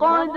لقد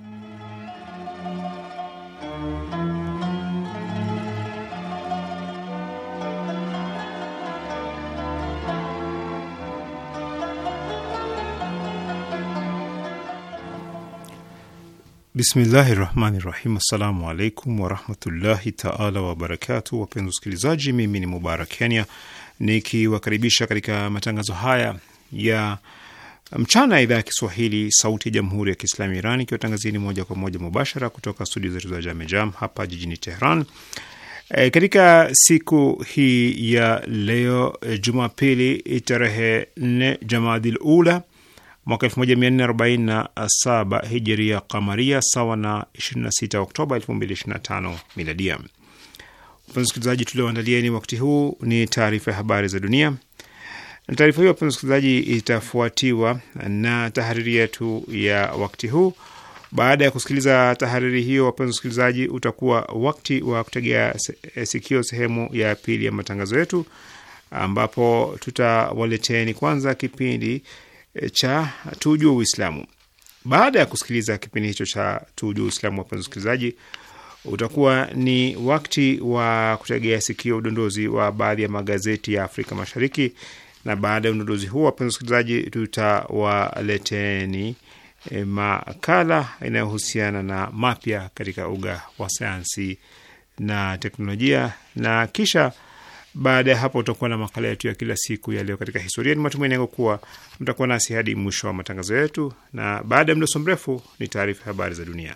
Bismillahi rahmani rahim. Assalamu alaikum warahmatullahi taala wabarakatu. Wapenzi wasikilizaji, mimi ni Mubarak Kenya nikiwakaribisha katika matangazo haya ya mchana ya idhaa ya Kiswahili sauti ya jamhuri ya Kiislamu Iran ikiwatangazieni moja kwa moja mubashara kutoka studio zetu za Jamejam hapa jijini Tehran. E, katika siku hii ya leo eh, Jumapili eh, tarehe 4 jamaadil Ula mwaka 1447 hijiria kamaria sawa na 26 Oktoba 2025 miladia. Wapenzi wasikilizaji, tulioandalieni wakati huu ni taarifa ya habari za dunia, na taarifa hiyo wapenzi wasikilizaji, itafuatiwa na tahariri yetu ya wakati huu. Baada ya kusikiliza tahariri hiyo, wapenzi wasikilizaji, utakuwa wakati wa kutegea eh, sikio sehemu ya pili ya matangazo yetu, ambapo tutawaleteni kwanza kipindi cha Tuju Uislamu. Baada ya kusikiliza kipindi hicho cha Tuju Uislamu, wapenzi wasikilizaji, utakuwa ni wakati wa kutegea sikio udondozi wa baadhi ya magazeti ya Afrika Mashariki, na baada ya udondozi huo, wapenzi wasikilizaji, tutawaleteni e, makala inayohusiana na mapya katika uga wa sayansi na teknolojia na kisha baada ya hapo utakuwa na makala yetu ya kila siku ya leo katika historia. Ni matumaini yangu kuwa mtakuwa nasi hadi mwisho wa matangazo yetu, na baada ya mdoso mrefu ni taarifa ya habari za dunia.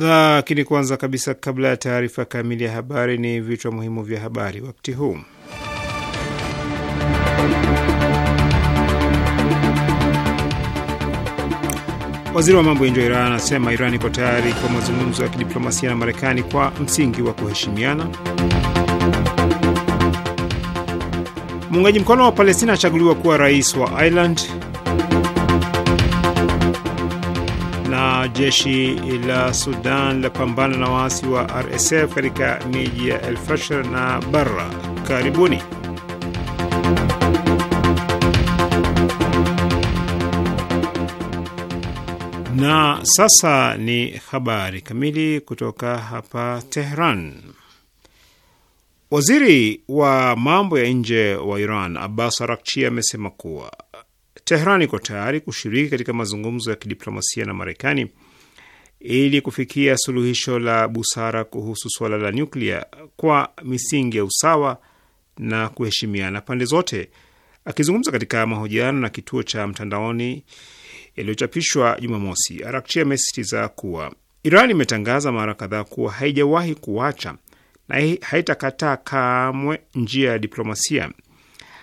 Lakini kwanza kabisa, kabla ya taarifa kamili ya habari, ni vichwa muhimu vya habari wakati huu. Waziri wa mambo ya nje wa Iran anasema Iran iko tayari kwa mazungumzo ya kidiplomasia na Marekani kwa msingi wa kuheshimiana. Muungaji mkono wa Palestina achaguliwa kuwa rais wa Ireland. jeshi la Sudan la pambana na waasi wa RSF katika miji ya El Fasher na Barra. Karibuni. Na sasa ni habari kamili kutoka hapa Tehran. Waziri wa mambo ya nje wa Iran Abbas Arakchi amesema kuwa Tehran iko tayari kushiriki katika mazungumzo ya kidiplomasia na Marekani ili kufikia suluhisho la busara kuhusu suala la nyuklia kwa misingi ya usawa na kuheshimiana pande zote. Akizungumza katika mahojiano na kituo cha mtandaoni yaliyochapishwa Jumamosi, Arakchi amesisitiza kuwa Iran imetangaza mara kadhaa kuwa haijawahi kuacha na haitakataa kamwe njia ya diplomasia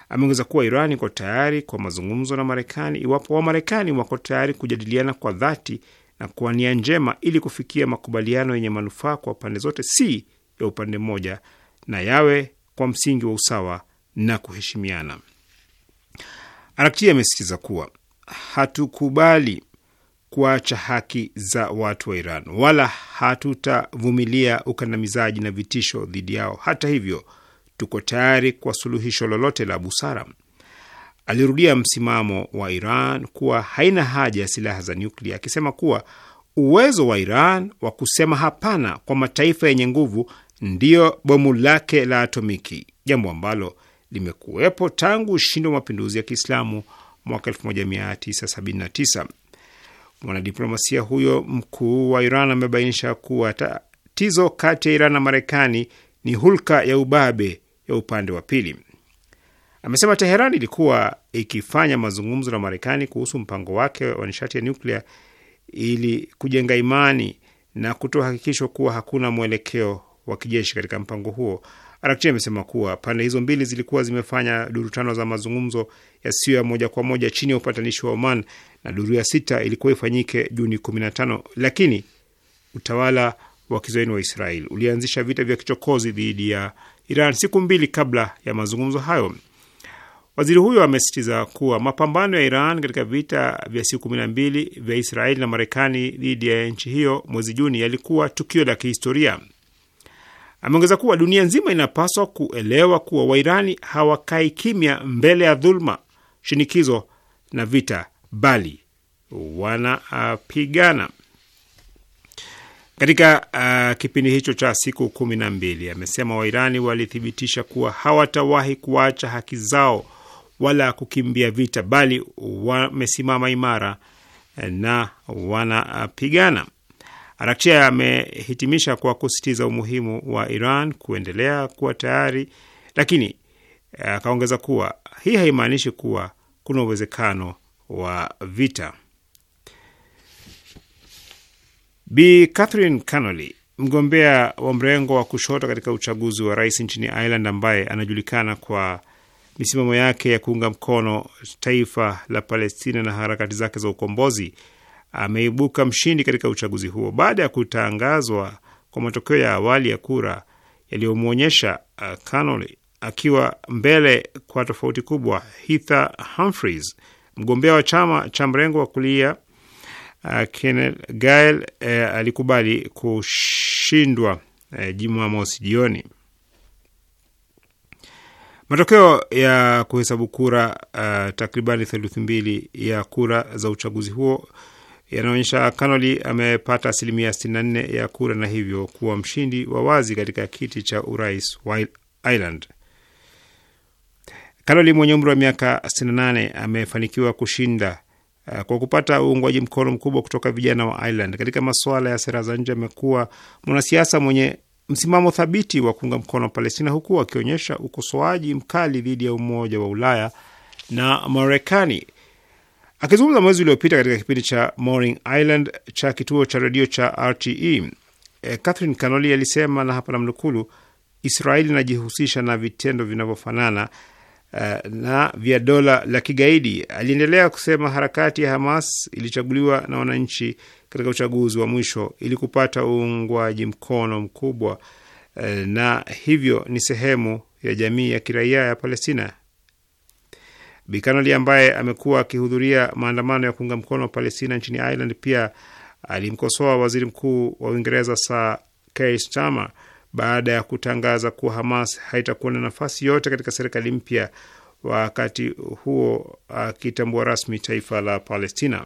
Ameongeza kuwa Iran iko tayari kwa mazungumzo na Marekani iwapo Wamarekani wako tayari kujadiliana kwa dhati na kwa nia njema ili kufikia makubaliano yenye manufaa kwa pande zote, si ya upande mmoja, na yawe kwa msingi wa usawa na kuheshimiana. Arakti amesisitiza kuwa hatukubali kuacha haki za watu wa Iran wala hatutavumilia ukandamizaji na vitisho dhidi yao. Hata hivyo tuko tayari kwa suluhisho lolote la busara. Alirudia msimamo wa Iran kuwa haina haja ya silaha za nyuklia, akisema kuwa uwezo wa Iran wa kusema hapana kwa mataifa yenye nguvu ndiyo bomu lake la atomiki, jambo ambalo limekuwepo tangu ushindi wa mapinduzi ya Kiislamu mwaka 1979. Mwanadiplomasia huyo mkuu wa Iran amebainisha kuwa tatizo kati ya Iran na Marekani ni hulka ya ubabe ya upande wa pili. Amesema Teheran ilikuwa ikifanya mazungumzo na Marekani kuhusu mpango wake wa nishati ya nyuklia ili kujenga imani na kutoa hakikisho kuwa hakuna mwelekeo wa kijeshi katika mpango huo. Arakchi amesema kuwa pande hizo mbili zilikuwa zimefanya duru tano za mazungumzo yasiyo ya moja kwa moja chini ya upatanishi wa Oman na duru ya sita ilikuwa ifanyike Juni 15 lakini utawala wa kizoeni wa Israel ulianzisha vita vya kichokozi dhidi ya Iran siku mbili kabla ya mazungumzo hayo. Waziri huyo amesitiza kuwa mapambano ya Iran katika vita vya siku kumi na mbili vya Israeli na Marekani dhidi ya nchi hiyo mwezi Juni yalikuwa tukio la kihistoria. Ameongeza kuwa dunia nzima inapaswa kuelewa kuwa Wairani hawakai kimya mbele ya dhuluma, shinikizo na vita, bali wanapigana. Katika uh, kipindi hicho cha siku kumi na mbili amesema Wairani walithibitisha kuwa hawatawahi kuacha haki zao wala kukimbia vita, bali wamesimama imara eh, na wanapigana. Arakchia amehitimisha kwa kusisitiza umuhimu wa Iran kuendelea kuwa tayari, lakini eh, akaongeza kuwa hii haimaanishi kuwa kuna uwezekano wa vita. Bi Catherine Connolly, mgombea wa mrengo wa kushoto katika uchaguzi wa rais nchini Ireland, ambaye anajulikana kwa misimamo yake ya kuunga mkono taifa la Palestina na harakati zake za ukombozi, ameibuka mshindi katika uchaguzi huo baada ya kutangazwa kwa matokeo ya awali ya kura yaliyomwonyesha uh, Connolly akiwa mbele kwa tofauti kubwa. Heather Humphreys, mgombea wa chama cha mrengo wa kulia Eh, Kenneth Gael eh, alikubali kushindwa uh, Jumamosi jioni. Matokeo ya kuhesabu kura uh, eh, takribani theluthi mbili ya kura za uchaguzi huo yanaonyesha Kanoli amepata asilimia 64 ya kura na hivyo kuwa mshindi wa wazi katika kiti cha urais wa Ireland. Kanoli mwenye umri wa miaka 68 amefanikiwa kushinda Eh, kwa kupata uungwaji mkono mkubwa kutoka vijana wa Ireland. Katika masuala ya sera za nje, amekuwa mwanasiasa mwenye msimamo thabiti wa kuunga mkono Palestina, huku akionyesha ukosoaji mkali dhidi ya Umoja wa Ulaya na Marekani. Akizungumza mwezi uliopita katika kipindi cha Morning Ireland cha kituo cha redio cha RTE, e, eh, Catherine Canoli alisema, na hapa namnukulu, Israeli inajihusisha na vitendo vinavyofanana Eh, na vya dola la kigaidi. Aliendelea kusema harakati ya Hamas ilichaguliwa na wananchi katika uchaguzi wa mwisho ili kupata uungwaji mkono mkubwa eh, na hivyo ni sehemu ya jamii ya kiraia ya Palestina. Bikanali ambaye amekuwa akihudhuria maandamano ya kuunga mkono Palestina nchini Ireland pia alimkosoa waziri mkuu wa Uingereza Sir Keir Starmer baada ya kutangaza kuwa Hamas haitakuwa na nafasi yote katika serikali mpya, wakati huo akitambua uh, rasmi taifa la Palestina.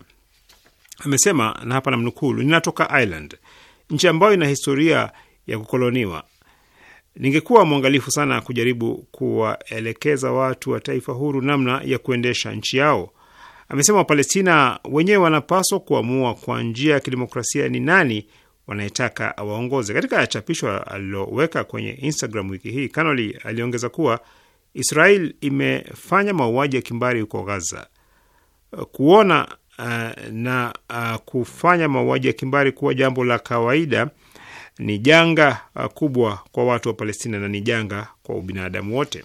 Amesema, na hapa namnukuu, ninatoka Ireland, nchi ambayo ina historia ya kukoloniwa. Ningekuwa mwangalifu sana kujaribu kuwaelekeza watu wa taifa huru namna ya kuendesha nchi yao. Amesema Wapalestina wenyewe wanapaswa kuamua kwa njia ya kidemokrasia ni nani wanayetaka awaongoze. Katika chapisho aliloweka kwenye Instagram wiki hii, Kanoli aliongeza kuwa Israel imefanya mauaji ya kimbari huko Gaza. Kuona uh, na uh, kufanya mauaji ya kimbari kuwa jambo la kawaida ni janga uh, kubwa kwa watu wa Palestina na ni janga kwa ubinadamu wote.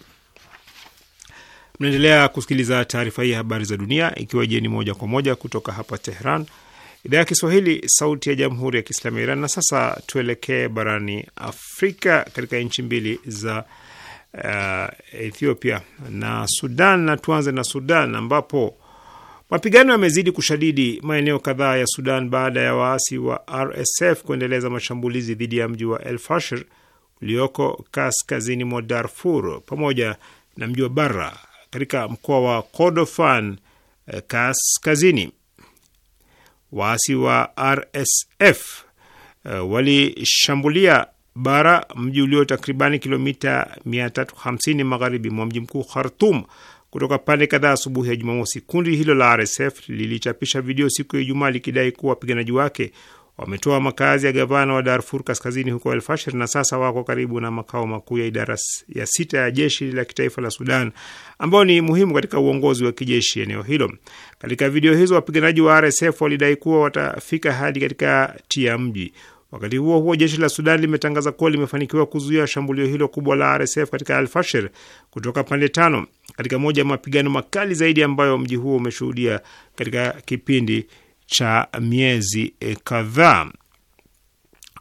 Mnaendelea kusikiliza taarifa hii ya habari za dunia, ikiwa jeni moja kwa moja kutoka hapa Tehran, idhaa ya Kiswahili, sauti ya jamhuri ya kiislamu ya Iran. Na sasa tuelekee barani Afrika, katika nchi mbili za uh, Ethiopia na Sudan, na tuanze na Sudan ambapo mapigano yamezidi kushadidi maeneo kadhaa ya Sudan baada ya waasi wa RSF kuendeleza mashambulizi dhidi ya mji wa El Fasher ulioko kaskazini mwa Darfur pamoja na mji wa Barra katika mkoa wa Kordofan eh, kaskazini waasi wa RSF eh, walishambulia bara mji ulio takribani kilomita 350 magharibi mwa mji mkuu Khartum kutoka pande kadhaa asubuhi ya Jumamosi. Kundi hilo la RSF lilichapisha video siku ya Ijumaa likidai kuwa wapiganaji wake wametoa makazi ya gavana wa Darfur kaskazini huko Elfashir na sasa wako karibu na makao makuu ya idara ya sita ya jeshi la kitaifa la Sudan ambayo ni muhimu katika uongozi wa kijeshi eneo hilo. Katika video hizo wapiganaji wa RSF walidai kuwa watafika hadi katikati ya mji. Wakati huo huo, jeshi la Sudan limetangaza kuwa limefanikiwa kuzuia shambulio hilo kubwa la RSF katika Alfashir kutoka pande tano katika moja ya mapigano makali zaidi ambayo mji huo umeshuhudia katika kipindi cha miezi e, kadhaa.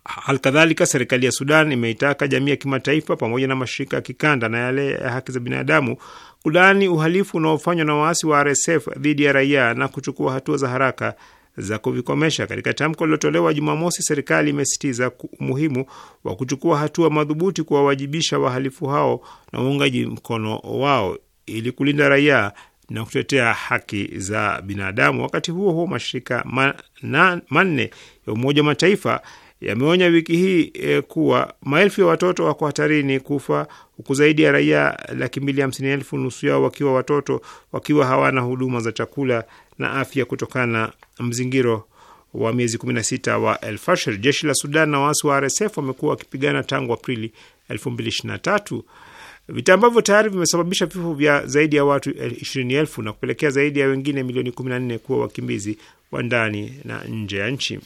Halikadhalika, serikali ya Sudan imeitaka jamii ya kimataifa pamoja na mashirika ya kikanda na yale ya haki za binadamu kulaani uhalifu unaofanywa na waasi wa RSF dhidi ya raia na kuchukua hatua za haraka za kuvikomesha. Katika tamko lilotolewa Jumamosi, serikali imesitiza umuhimu wa kuchukua hatua madhubuti kuwawajibisha wahalifu hao na uungaji mkono wao ili kulinda raia na kutetea haki za binadamu. Wakati huo huo, mashirika manne ya Umoja wa Mataifa yameonya wiki hii e, kuwa maelfu ya watoto wako hatarini kufa huku zaidi ya raia laki mbili hamsini elfu nusu yao wakiwa watoto wakiwa hawana huduma za chakula na afya kutokana na mzingiro wa miezi 16 wa El Fasher. Jeshi la Sudan na waasi wa RSF wamekuwa wakipigana tangu Aprili 2023 vita ambavyo tayari vimesababisha vifo vya zaidi ya watu ishirini elfu na kupelekea zaidi ya wengine milioni 14 kuwa wakimbizi wa ndani na nje ya nchi.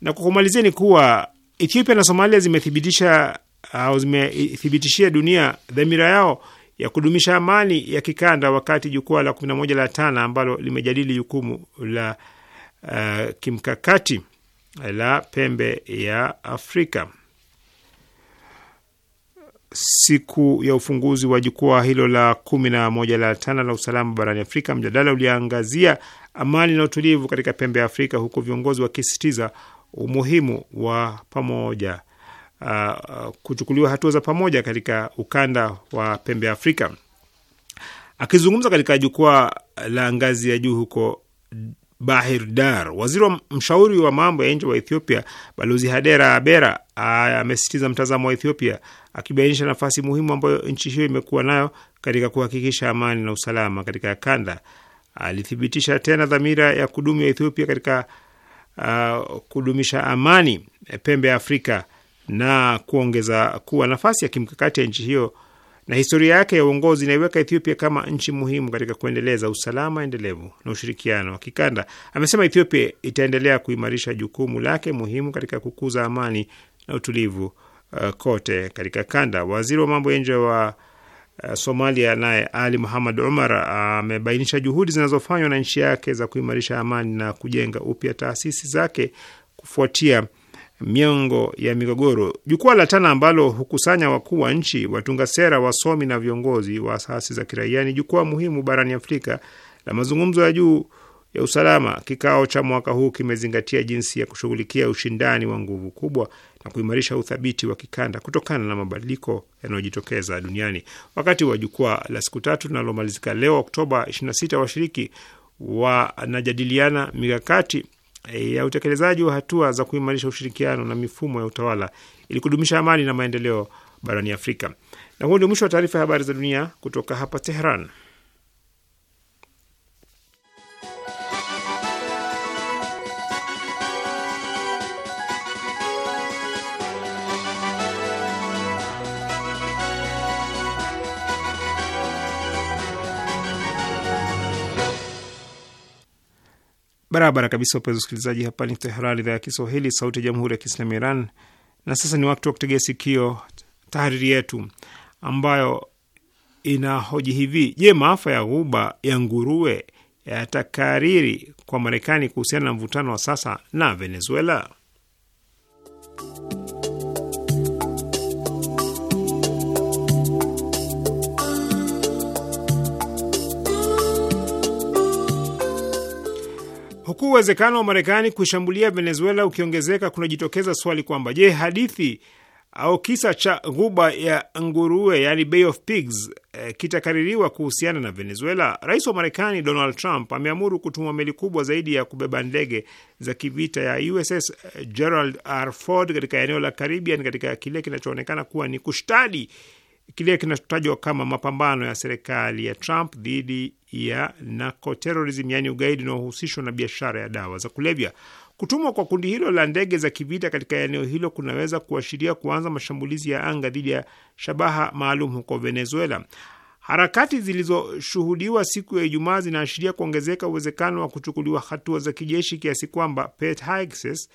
Na kwa kumalizia ni kuwa Ethiopia na Somalia zimethibitisha au zimethibitishia dunia dhamira yao ya kudumisha amani ya kikanda wakati jukwaa la 11 la Tana ambalo limejadili jukumu la uh, kimkakati la pembe ya Afrika siku ya ufunguzi wa jukwaa hilo la kumi na moja la tano la usalama barani Afrika, mjadala uliangazia amani na utulivu katika pembe ya Afrika, huku viongozi wakisisitiza umuhimu wa pamoja uh, kuchukuliwa hatua za pamoja katika ukanda wa pembe ya Afrika. Akizungumza katika jukwaa la ngazi ya juu huko Bahirdar. Waziri wa mshauri wa mambo ya nje wa Ethiopia Balozi Hadera Abera amesisitiza mtazamo wa Ethiopia akibainisha nafasi muhimu ambayo nchi hiyo imekuwa nayo katika kuhakikisha amani na usalama katika kanda. Alithibitisha tena dhamira ya kudumu ya Ethiopia katika uh, kudumisha amani e, pembe ya Afrika na kuongeza kuwa nafasi ya kimkakati ya nchi hiyo na historia yake ya uongozi inaiweka Ethiopia kama nchi muhimu katika kuendeleza usalama endelevu na ushirikiano wa kikanda. Amesema Ethiopia itaendelea kuimarisha jukumu lake muhimu katika kukuza amani na utulivu uh, kote katika kanda. Waziri wa mambo ya nje wa uh, Somalia naye Ali Muhammad Umar uh, amebainisha juhudi zinazofanywa na nchi yake za kuimarisha amani na kujenga upya taasisi zake kufuatia miongo ya migogoro. Jukwaa la TANA ambalo hukusanya wakuu wa nchi, watunga sera, wasomi na viongozi wa asasi za kiraia ni jukwaa muhimu barani Afrika la mazungumzo ya juu ya usalama. Kikao cha mwaka huu kimezingatia jinsi ya kushughulikia ushindani wa nguvu kubwa na kuimarisha uthabiti wa kikanda kutokana na mabadiliko yanayojitokeza duniani. Wakati wa jukwaa la siku tatu linalomalizika leo Oktoba 26, washiriki wanajadiliana mikakati Eh, ya utekelezaji wa hatua za kuimarisha ushirikiano na mifumo ya utawala ili kudumisha amani na maendeleo barani Afrika. Na huo ndio mwisho wa taarifa ya habari za dunia kutoka hapa teheran Barabara kabisa, wapenzi wasikilizaji, hapa ni Tehran, idhaa ya Kiswahili, sauti ya jamhuri ya kiislamu Iran. Na sasa ni wakati wa kutegea sikio tahariri yetu ambayo inahoji hivi: Je, maafa ya ghuba ya nguruwe yatakariri kwa Marekani kuhusiana na mvutano wa sasa na Venezuela? Huku uwezekano wa Marekani kuishambulia Venezuela ukiongezeka, kunajitokeza swali kwamba je, hadithi au kisa cha ghuba ya nguruwe yani Bay of Pigs eh, kitakaririwa kuhusiana na Venezuela? Rais wa Marekani Donald Trump ameamuru kutumwa meli kubwa zaidi ya kubeba ndege za kivita ya USS eh, Gerald R. Ford katika eneo la Caribbean katika kile kinachoonekana kuwa ni kushtadi kile kinachotajwa kama mapambano ya serikali ya Trump dhidi ya narcoterrorism, yaani ugaidi unaohusishwa na biashara ya dawa za kulevya. Kutumwa kwa kundi hilo la ndege za kivita katika eneo hilo kunaweza kuashiria kuanza mashambulizi ya anga dhidi ya shabaha maalum huko Venezuela. Harakati zilizoshuhudiwa siku ya Ijumaa zinaashiria kuongezeka uwezekano wa kuchukuliwa hatua za kijeshi kiasi kwamba Pete Hegseth,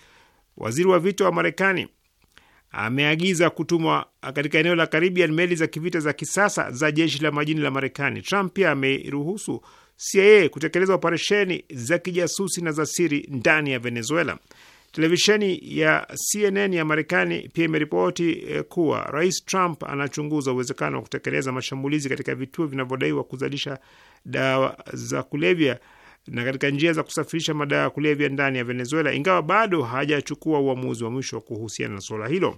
waziri wa vita wa Marekani, ameagiza kutumwa katika eneo la Caribbean meli za kivita za kisasa za jeshi la majini la Marekani. Trump pia ameruhusu CIA kutekeleza operesheni za kijasusi na za siri ndani ya Venezuela. Televisheni ya CNN ya Marekani pia imeripoti eh, kuwa Rais Trump anachunguza uwezekano wa kutekeleza mashambulizi katika vituo vinavyodaiwa kuzalisha dawa za kulevya na katika njia za kusafirisha madawa ya kulevya ndani ya Venezuela, ingawa bado hajachukua uamuzi wa mwisho kuhusiana na suala hilo.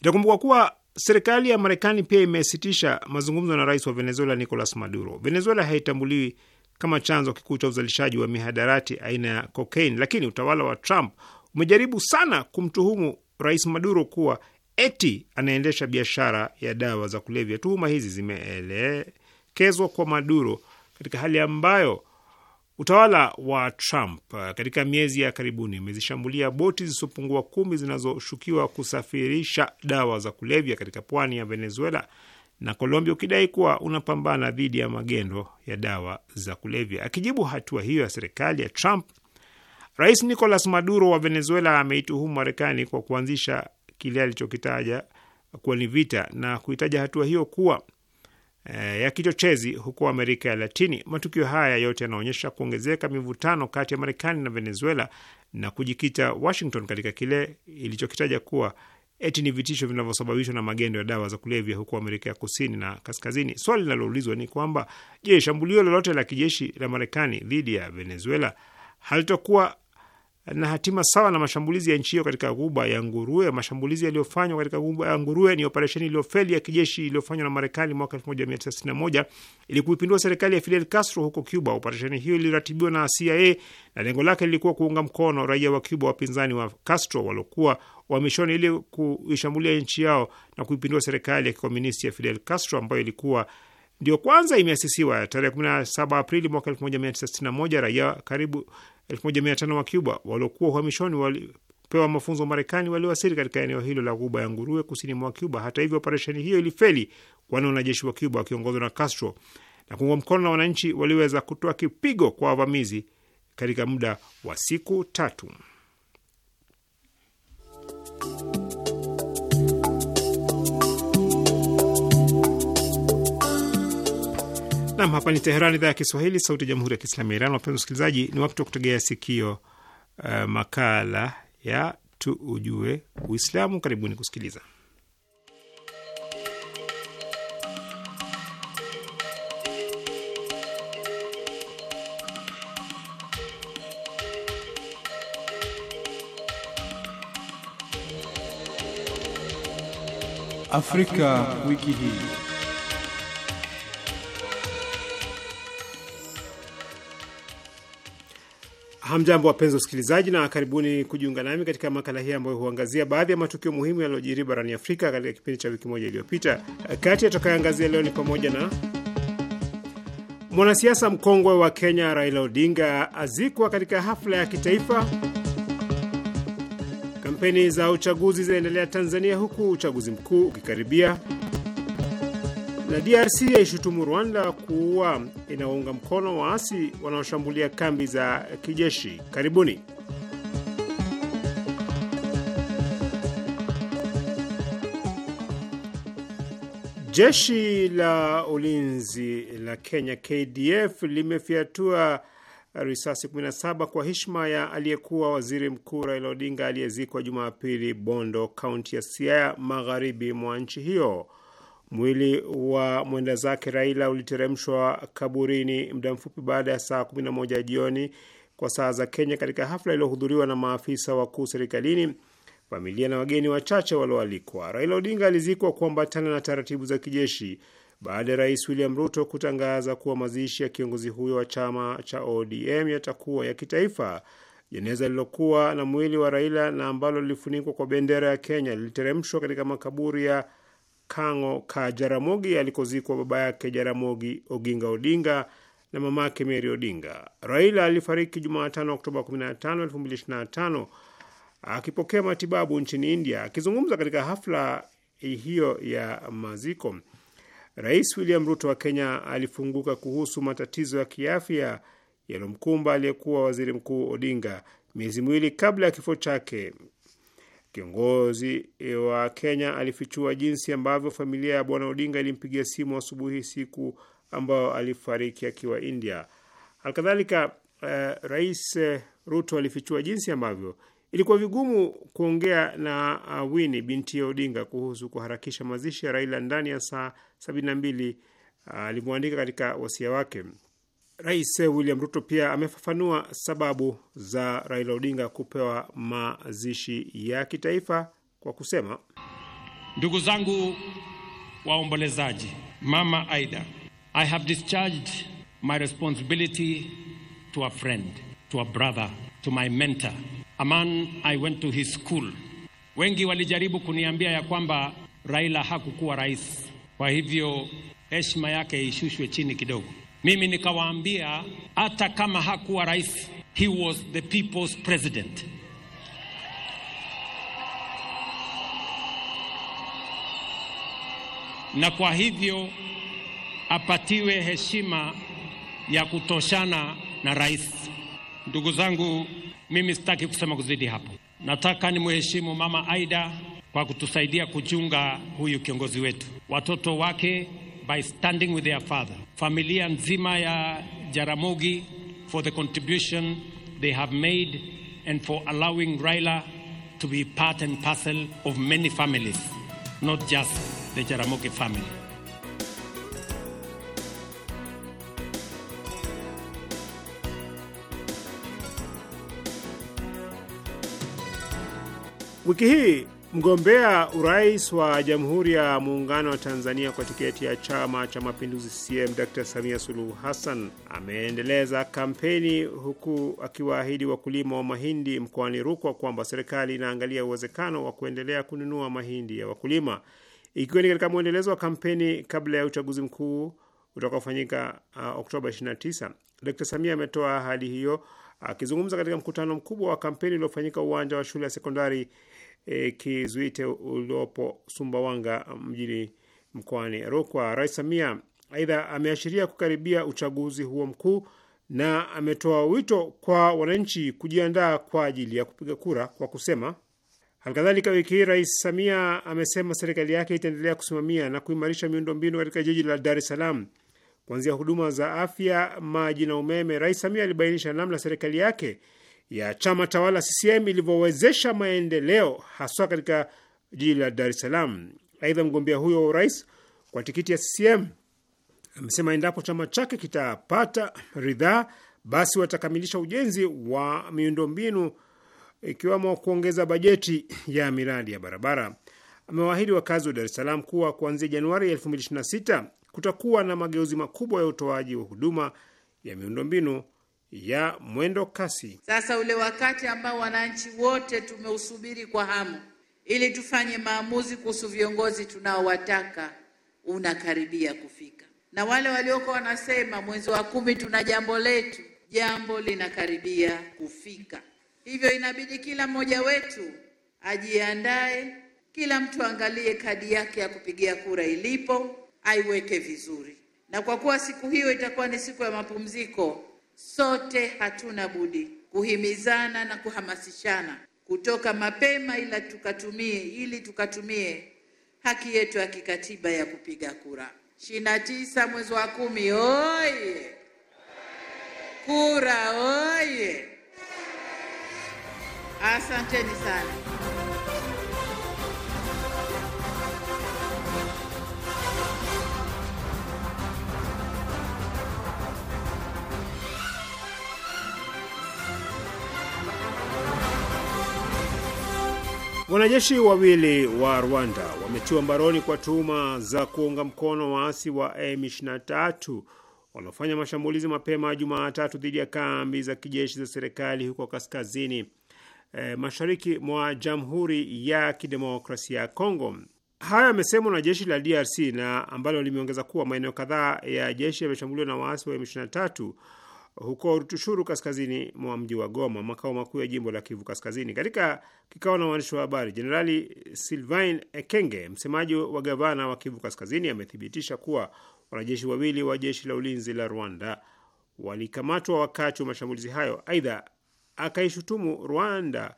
Itakumbukwa kuwa serikali ya Marekani pia imesitisha mazungumzo na rais wa Venezuela Nicolas Maduro. Venezuela haitambuliwi kama chanzo kikuu cha uzalishaji wa mihadarati aina ya kokaini, lakini utawala wa Trump umejaribu sana kumtuhumu rais Maduro kuwa eti anaendesha biashara ya dawa za kulevya. Tuhuma hizi zimeelekezwa kwa Maduro katika hali ambayo Utawala wa Trump uh, katika miezi ya karibuni umezishambulia boti zisizopungua kumi zinazoshukiwa kusafirisha dawa za kulevya katika pwani ya Venezuela na Colombia, ukidai kuwa unapambana dhidi ya magendo ya dawa za kulevya. Akijibu hatua hiyo ya serikali ya Trump, Rais Nicolas Maduro wa Venezuela ameituhumu Marekani kwa kuanzisha kile alichokitaja kuwa ni vita na kuitaja hatua hiyo kuwa Eh, ya kichochezi huko Amerika ya Latini. Matukio haya yote yanaonyesha kuongezeka mivutano kati ya Marekani na Venezuela na kujikita Washington katika kile ilichokitaja kuwa eti ni vitisho vinavyosababishwa na magendo ya dawa za kulevya huko Amerika ya kusini na kaskazini. Swali linaloulizwa ni kwamba je, shambulio lolote la kijeshi la Marekani dhidi ya Venezuela halitokuwa na hatima sawa na mashambulizi ya nchi hiyo katika ghuba ya Nguruwe. Mashambulizi yaliyofanywa katika ghuba ya Nguruwe ni operesheni iliyofeli ya kijeshi iliyofanywa na Marekani mwaka 1961 ili kuipindua serikali ya Fidel Castro huko Cuba. Operesheni hiyo iliratibiwa na CIA na lengo lake lilikuwa kuunga mkono raia wa Cuba wapinzani wa Castro waliokuwa wamishoni ili kuishambulia nchi yao na kuipindua serikali ya kikomunisti ya Fidel Castro ambayo ilikuwa ndio kwanza imeasisiwa. Tarehe 17 Aprili mwaka 1961 raia karibu 1500 wa Cuba waliokuwa uhamishoni walipewa mafunzo wa Marekani waliowasiri katika eneo hilo la Ghuba ya Nguruwe kusini mwa Cuba. Hata hivyo, operesheni hiyo ilifeli, kwani wanajeshi wa Cuba wakiongozwa na Castro na kuungwa mkono na wananchi waliweza kutoa kipigo kwa wavamizi katika muda wa siku tatu. Naam, hapa ni Teheran, idhaa ya Kiswahili, sauti ya jamhuri ya kiislamu ya Iran. Wapenzi wasikilizaji, ni wakati wa kutegea sikio uh, makala ya tu ujue Uislamu. Karibuni kusikiliza. Afrika, Afrika wiki hii. Hamjambo, wapenzi wasikilizaji, na karibuni kujiunga nami katika makala hii ambayo huangazia baadhi ya matukio muhimu yaliyojiri barani Afrika katika kipindi cha wiki moja iliyopita. Kati yatakayoangazia leo ni pamoja na mwanasiasa mkongwe wa Kenya Raila Odinga azikwa katika hafla ya kitaifa, kampeni za uchaguzi zinaendelea Tanzania huku uchaguzi mkuu ukikaribia na DRC yaishutumu Rwanda kuwa inaunga mkono waasi wanaoshambulia kambi za kijeshi. Karibuni. Jeshi la ulinzi la Kenya KDF limefiatua risasi 17 kwa heshima ya aliyekuwa waziri mkuu Raila Odinga aliyezikwa Jumapili Bondo, kaunti ya Siaya, magharibi mwa nchi hiyo. Mwili wa mwenda zake Raila uliteremshwa kaburini muda mfupi baada ya saa 11 jioni kwa saa za Kenya, katika hafla iliyohudhuriwa na maafisa wakuu serikalini, familia na wageni wachache walioalikwa. Raila Odinga alizikwa kuambatana na taratibu za kijeshi baada ya Rais William Ruto kutangaza kuwa mazishi ya kiongozi huyo wa chama cha ODM yatakuwa ya kitaifa. Jeneza lilokuwa na mwili wa Raila na ambalo lilifunikwa kwa bendera ya Kenya liliteremshwa katika makaburi ya Kang'o ka Jaramogi alikozikwa baba yake Jaramogi Oginga Odinga na mamake Mary Odinga. Raila alifariki Jumatano Oktoba 15, 2025 akipokea matibabu nchini India. Akizungumza katika hafla hiyo ya maziko, Rais William Ruto wa Kenya alifunguka kuhusu matatizo ya kiafya yaliyomkumba aliyekuwa waziri mkuu Odinga miezi miwili kabla ya kifo chake. Kiongozi e, wa Kenya alifichua jinsi ambavyo familia ya Bwana Odinga ilimpigia simu asubuhi siku ambayo alifariki akiwa India. alkadhalika uh, e, Rais e, Ruto alifichua jinsi ambavyo ilikuwa vigumu kuongea na uh, binti ya Odinga kuhusu kuharakisha mazishi ya Raila ndani ya saa sabini na mbili alimwandika uh, katika wasia wake. Rais William Ruto pia amefafanua sababu za Raila Odinga kupewa mazishi ya kitaifa kwa kusema, ndugu zangu waombolezaji, mama Aida, I have discharged my responsibility to a friend, to a brother, to my mentor, a man I went to his school. Wengi walijaribu kuniambia ya kwamba Raila hakukuwa rais, kwa hivyo heshima yake ishushwe chini kidogo mimi nikawaambia hata kama hakuwa rais, he was the people's president. Na kwa hivyo apatiwe heshima ya kutoshana na rais. Ndugu zangu, mimi sitaki kusema kuzidi hapo. Nataka nimheshimu Mama Aida kwa kutusaidia kuchunga huyu kiongozi wetu, watoto wake by standing with their father familia nzima ya Jaramogi for the contribution they have made and for allowing Raila to be part and parcel of many families, not just the Jaramogi family. Wiki hii Mgombea urais wa Jamhuri ya Muungano wa Tanzania kwa tiketi ya Chama cha Mapinduzi CCM Dr Samia Suluhu Hassan ameendeleza kampeni huku akiwaahidi wakulima wa mahindi mkoani Rukwa kwamba serikali inaangalia uwezekano wa kuendelea kununua mahindi ya wakulima, ikiwa ni katika mwendelezo wa kampeni kabla ya uchaguzi mkuu utakaofanyika uh, Oktoba 29. Dr Samia ametoa ahadi hiyo akizungumza uh, katika mkutano mkubwa wa kampeni uliofanyika uwanja wa shule ya sekondari e, Kizuite uliopo Sumbawanga um, mjini mkoani Rukwa. Rais Samia aidha ameashiria kukaribia uchaguzi huo mkuu na ametoa wito kwa wananchi kujiandaa kwa ajili ya kupiga kura kwa kusema Halikadhalika, wiki hii Rais Samia amesema serikali yake itaendelea kusimamia na kuimarisha miundombinu katika jiji la Dar es Salaam, kuanzia huduma za afya, maji na umeme. Rais Samia alibainisha namna serikali yake ya chama tawala CCM ilivyowezesha maendeleo haswa katika jiji la Dar es Salaam. Aidha, mgombea huyo wa urais kwa tikiti ya CCM amesema endapo chama chake kitapata ridhaa, basi watakamilisha ujenzi wa miundombinu ikiwemo kuongeza bajeti ya miradi ya barabara. Amewaahidi wakazi wa Dar es Salaam kuwa kuanzia Januari 2026 kutakuwa na mageuzi makubwa ya utoaji wa huduma ya miundombinu ya mwendo kasi. Sasa ule wakati ambao wananchi wote tumeusubiri kwa hamu ili tufanye maamuzi kuhusu viongozi tunaowataka unakaribia kufika, na wale waliokuwa wanasema mwezi wa kumi tuna jambo letu, jambo linakaribia kufika. Hivyo inabidi kila mmoja wetu ajiandae, kila mtu aangalie kadi yake ya kupigia kura ilipo, aiweke vizuri, na kwa kuwa siku hiyo itakuwa ni siku ya mapumziko Sote hatuna budi kuhimizana na kuhamasishana kutoka mapema, ila tukatumie ili tukatumie haki yetu ya kikatiba ya kupiga kura ishirini na tisa mwezi wa kumi. Oye kura oye! Asanteni sana. Wanajeshi wawili wa Rwanda wametiwa mbaroni kwa tuhuma za kuunga mkono waasi wa M23 wanaofanya mashambulizi mapema Jumatatu dhidi ya kambi za kijeshi za serikali huko kaskazini e, mashariki mwa Jamhuri ya Kidemokrasia ya Kongo. Hayo yamesemwa na jeshi la DRC na ambalo limeongeza kuwa maeneo kadhaa ya jeshi yameshambuliwa na waasi wa M23 huko Rutushuru, kaskazini mwa mji wa Goma, makao makuu ya jimbo la Kivu Kaskazini. Katika kikao na waandishi wa habari, Jenerali Sylvain Ekenge, msemaji wa gavana wa Kivu Kaskazini, amethibitisha kuwa wanajeshi wawili wa jeshi la ulinzi la Rwanda walikamatwa wakati wa mashambulizi hayo. Aidha, akaishutumu Rwanda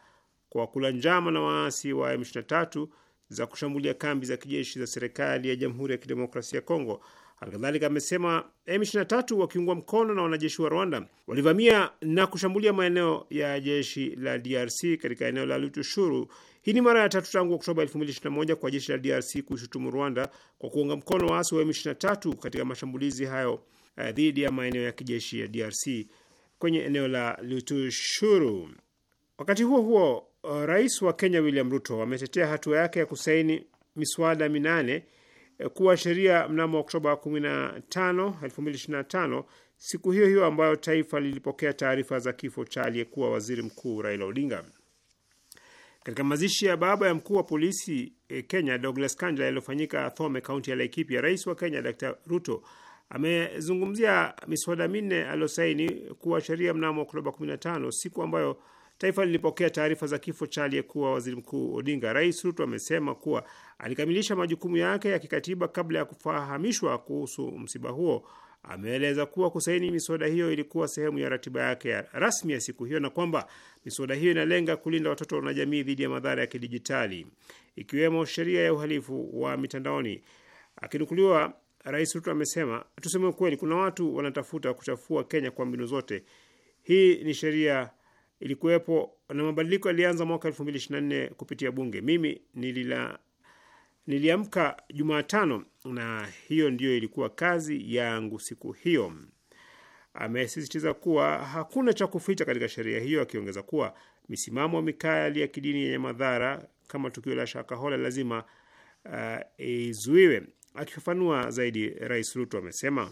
kwa kula njama na waasi wa M23 za kushambulia kambi za kijeshi za serikali ya Jamhuri ya Kidemokrasia ya Kongo. Halikadhalika amesema M23 wakiungwa mkono na wanajeshi wa Rwanda walivamia na kushambulia maeneo ya jeshi la DRC katika eneo la Lutushuru. Hii ni mara ya tatu tangu Oktoba 2021 kwa jeshi la DRC kushutumu Rwanda kwa kuunga mkono waasi wa M23 katika mashambulizi hayo eh, dhidi ya maeneo ya kijeshi ya DRC kwenye eneo la Lutushuru. Wakati huo huo, eh, rais wa Kenya William Ruto ametetea hatua yake ya kusaini miswada minane kuwa sheria mnamo Oktoba 15, 2025, siku hiyo hiyo ambayo taifa lilipokea taarifa za kifo cha aliyekuwa waziri mkuu Raila Odinga. Katika mazishi ya baba ya mkuu wa polisi e, Kenya Douglas Kanja yaliyofanyika thome kaunti ya Laikipia, rais wa Kenya Dr Ruto amezungumzia miswada minne aliyosaini kuwa sheria mnamo Oktoba 15, siku ambayo Taifa lilipokea taarifa za kifo cha aliyekuwa waziri mkuu Odinga. Rais Ruto amesema kuwa alikamilisha majukumu yake ya kikatiba kabla ya kufahamishwa kuhusu msiba huo. Ameeleza kuwa kusaini miswada hiyo ilikuwa sehemu ya ratiba yake ya rasmi ya siku hiyo na kwamba miswada hiyo inalenga kulinda watoto na jamii dhidi ya madhara ya kidijitali ikiwemo sheria ya uhalifu wa mitandaoni. Akinukuliwa, Rais Ruto amesema, tuseme ukweli, kuna watu wanatafuta kuchafua Kenya kwa mbinu zote. Hii ni sheria ilikuwepo na mabadiliko yalianza mwaka 2024 kupitia bunge. Mimi nilila niliamka Jumatano na hiyo ndiyo ilikuwa kazi yangu siku hiyo. Amesisitiza kuwa hakuna cha kuficha katika sheria hiyo, akiongeza kuwa misimamo mikali ya kidini yenye madhara kama tukio la Shakahola lazima uh, izuiwe. akifafanua zaidi, Rais Ruto amesema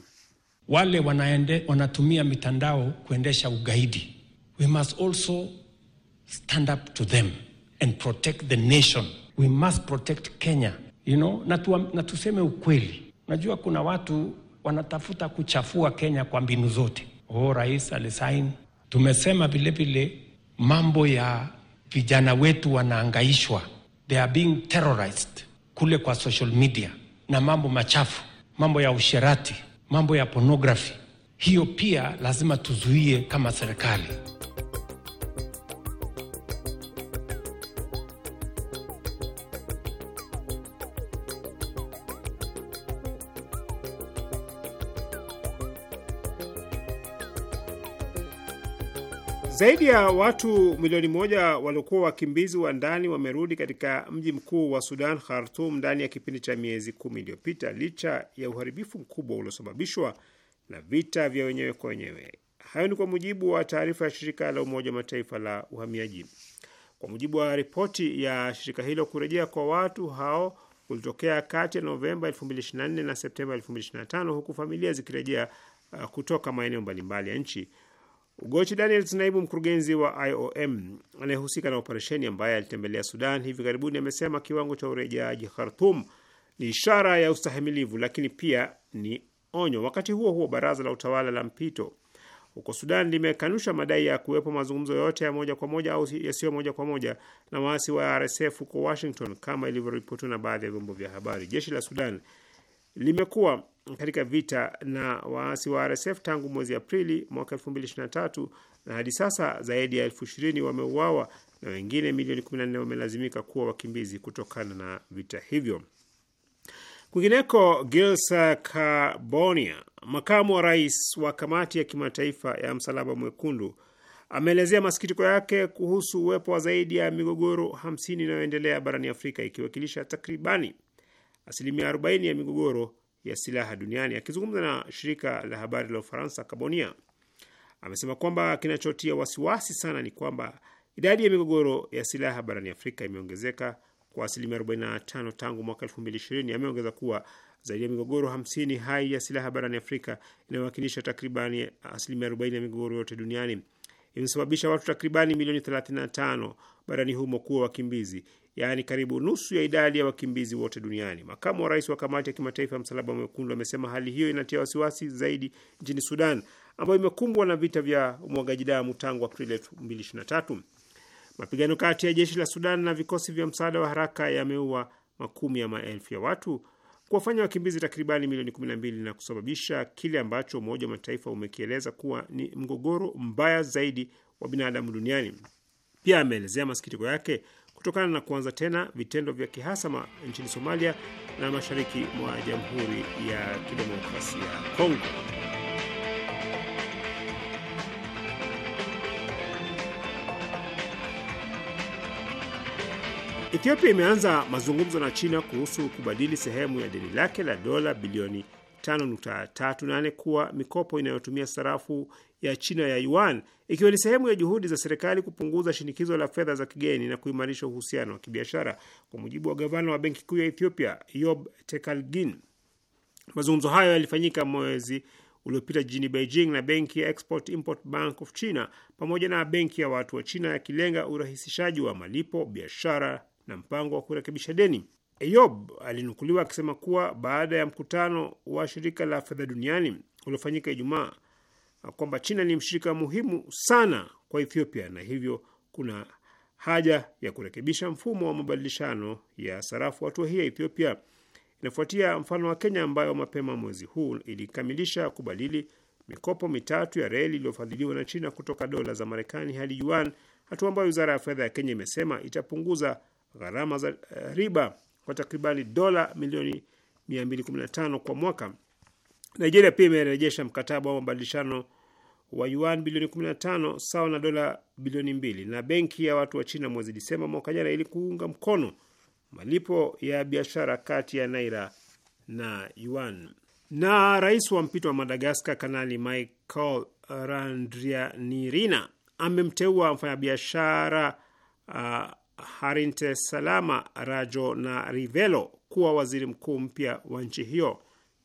wale wanaende, wanatumia mitandao kuendesha ugaidi we must also stand up to them and protect the nation. We must protect Kenya, you know, na, tuseme ukweli. Najua kuna watu wanatafuta kuchafua Kenya kwa mbinu zote. Oh, rais alisaini. Tumesema vilevile mambo ya vijana wetu wanaangaishwa, they are being terrorized kule kwa social media na mambo machafu, mambo ya usherati, mambo ya pornography. Hiyo pia lazima tuzuie kama serikali. Zaidi ya watu milioni moja waliokuwa wakimbizi wa ndani wamerudi katika mji mkuu wa Sudan, Khartum, ndani ya kipindi cha miezi kumi iliyopita, licha ya uharibifu mkubwa uliosababishwa na vita vya wenyewe kwa wenyewe. Hayo ni kwa mujibu wa taarifa ya shirika la Umoja wa Mataifa la uhamiaji. Kwa mujibu wa ripoti ya shirika hilo, kurejea kwa watu hao kulitokea kati ya Novemba 2024 na Septemba 2025 huku familia zikirejea uh, kutoka maeneo mbalimbali ya nchi. Ugochi Daniels, naibu mkurugenzi wa IOM anayehusika na operesheni, ambaye alitembelea Sudan hivi karibuni, amesema kiwango cha urejeaji Khartum ni ishara ya ustahimilivu, lakini pia ni onyo. Wakati huo huo, baraza la utawala la mpito huko Sudan limekanusha madai ya kuwepo mazungumzo yote ya moja kwa moja au yasiyo moja kwa moja na waasi wa RSF huko Washington, kama ilivyoripotiwa na baadhi ya vyombo vya habari. Jeshi la Sudan limekuwa katika vita na waasi wa RSF tangu mwezi Aprili mwaka 2023 na hadi sasa zaidi ya elfu ishirini wameuawa na wengine milioni 14 wamelazimika kuwa wakimbizi kutokana na vita hivyo. Kwingineko, Gilsa Carbonia, makamu wa rais wa kamati ya kimataifa ya Msalaba Mwekundu, ameelezea masikitiko yake kuhusu uwepo wa zaidi ya migogoro 50 inayoendelea barani Afrika, ikiwakilisha takribani asilimia 40 ya migogoro ya silaha duniani. Akizungumza na shirika la habari la Ufaransa, Kabonia amesema kwamba kinachotia wasiwasi sana ni kwamba idadi ya migogoro ya silaha barani Afrika imeongezeka kwa asilimia 45 tangu mwaka 2020. Ameongeza kuwa zaidi ya migogoro 50 hai ya silaha barani Afrika inayowakilisha takribani asilimia 40 ya migogoro yote duniani imesababisha watu takribani milioni 35 barani humo kuwa wakimbizi, yaani karibu nusu ya idadi ya wakimbizi wote duniani. Makamu wa rais wa kamati ya kimataifa ya Msalaba Mwekundu amesema hali hiyo inatia wasiwasi zaidi nchini Sudan ambayo imekumbwa na vita vya umwagaji damu tangu Aprili 2023. Mapigano kati ya jeshi la Sudan na vikosi vya msaada wa haraka yameua makumi ya maelfu ya watu kuwafanya wakimbizi takribani milioni 12 na kusababisha kile ambacho Umoja wa Mataifa umekieleza kuwa ni mgogoro mbaya zaidi wa binadamu duniani. Pia ameelezea masikitiko yake kutokana na kuanza tena vitendo vya kihasama nchini Somalia na mashariki mwa Jamhuri ya Kidemokrasia ya Kongo. Ethiopia imeanza mazungumzo na China kuhusu kubadili sehemu ya deni lake la dola bilioni 5.38 kuwa mikopo inayotumia sarafu ya China ya yuan, ikiwa ni sehemu ya juhudi za serikali kupunguza shinikizo la fedha za kigeni na kuimarisha uhusiano wa kibiashara. Kwa mujibu wa gavana wa benki kuu ya Ethiopia, Job Tekalgin, mazungumzo hayo yalifanyika mwezi uliopita jijini Beijing na benki ya Export Import Bank of China pamoja na benki ya watu wa China, yakilenga urahisishaji wa malipo, biashara na mpango wa kurekebisha deni. Eyob alinukuliwa akisema kuwa baada ya mkutano wa shirika la fedha duniani uliofanyika Ijumaa kwamba China ni mshirika muhimu sana kwa Ethiopia na hivyo kuna haja ya kurekebisha mfumo wa mabadilishano ya sarafu. Hatua hii ya Ethiopia inafuatia mfano wa Kenya ambayo mapema mwezi huu ilikamilisha kubadili mikopo mitatu ya reli iliyofadhiliwa na China kutoka dola za Marekani hadi yuan, hatua ambayo wizara ya fedha ya Kenya imesema itapunguza gharama za riba kwa takribani dola milioni 215 kwa mwaka. Nigeria pia imerejesha mkataba wa mabadilishano wa yuan bilioni 15 sawa na dola bilioni mbili na benki ya watu wa China mwezi Disemba mwaka jana ili kuunga mkono malipo ya biashara kati ya naira na yuan. Na rais wa mpito wa Madagaskar Kanali Michael Randrianirina amemteua mfanyabiashara uh, Salama Rajo na Rivelo kuwa waziri mkuu mpya wa nchi hiyo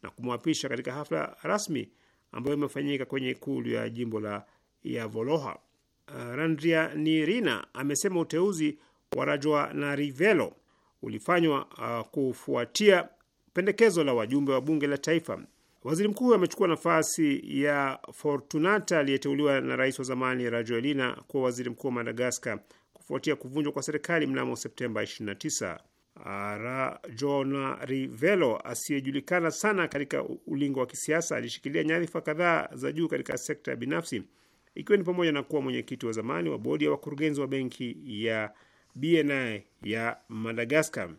na kumwapisha katika hafla rasmi ambayo imefanyika kwenye ikulu ya jimbo la Yavoloha. Uh, randria nirina amesema uteuzi wa Rajoa na Rivelo ulifanywa uh, kufuatia pendekezo la wajumbe wa bunge la taifa. Waziri mkuu huyo amechukua nafasi ya Fortunata aliyeteuliwa na rais wa zamani Rajoelina kuwa waziri mkuu wa Madagaskar kufuatia kuvunjwa kwa serikali mnamo Septemba 29. Rajoelina Rivelo asiyejulikana sana katika ulingo wa kisiasa alishikilia nyadhifa kadhaa za juu katika sekta binafsi, ikiwa ni pamoja na kuwa mwenyekiti wa zamani wa bodi ya wakurugenzi wa benki ya BNI ya Madagascar.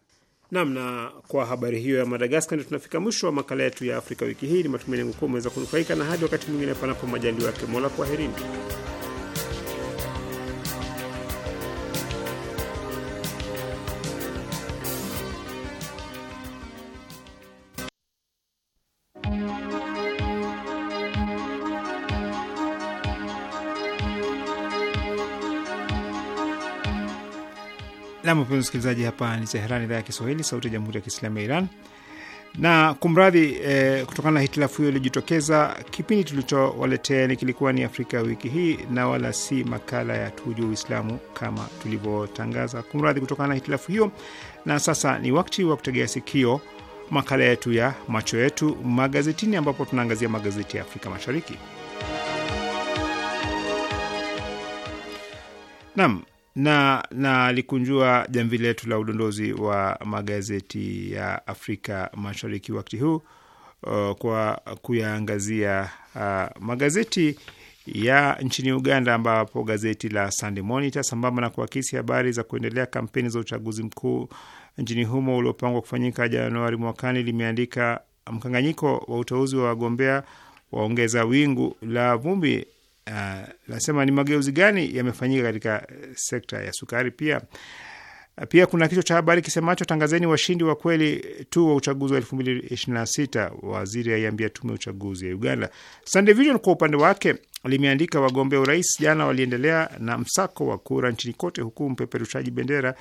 namna na kwa habari hiyo ya Madagascar, ndio tunafika mwisho wa makala yetu ya Afrika wiki hii. Ni matumaini yangu kuwa umeweza kunufaika, na hadi wakati mwingine, panapo majaliwa yake Mola, kwaherini. Nam, mpenzi msikilizaji, hapa ni Teherani, idhaa ya Kiswahili, sauti ya jamhuri ya kiislamu ya Iran. Na kumradhi eh, kutokana na hitilafu hiyo iliyojitokeza, kipindi tulichowaletea ni kilikuwa ni Afrika wiki hii na wala si makala ya tuju Uislamu kama tulivyotangaza. Kumradhi kutokana na hitilafu hiyo, na sasa ni wakati wa kutegea sikio makala yetu ya macho yetu magazetini, ambapo tunaangazia magazeti ya Afrika Mashariki. Nam, na nalikunjua jamvi letu la udondozi wa magazeti ya Afrika Mashariki wakati huu uh, kwa kuyaangazia uh, magazeti ya nchini Uganda, ambapo gazeti la Sunday Monitor sambamba na kuakisi habari za kuendelea kampeni za uchaguzi mkuu nchini humo uliopangwa kufanyika Januari mwakani limeandika mkanganyiko wa uteuzi wa wagombea waongeza wingu la vumbi Uh, nasema ni mageuzi gani yamefanyika katika uh, sekta ya sukari. Pia uh, pia kuna kichwa cha habari kisemacho tangazeni washindi wa kweli tu wa uchaguzi wa 2026 waziri aiambia tume ya uchaguzi ya Uganda. Sunday Vision kwa upande wake limeandika wagombea urais jana waliendelea na msako wa kura nchini kote, huku mpeperushaji bendera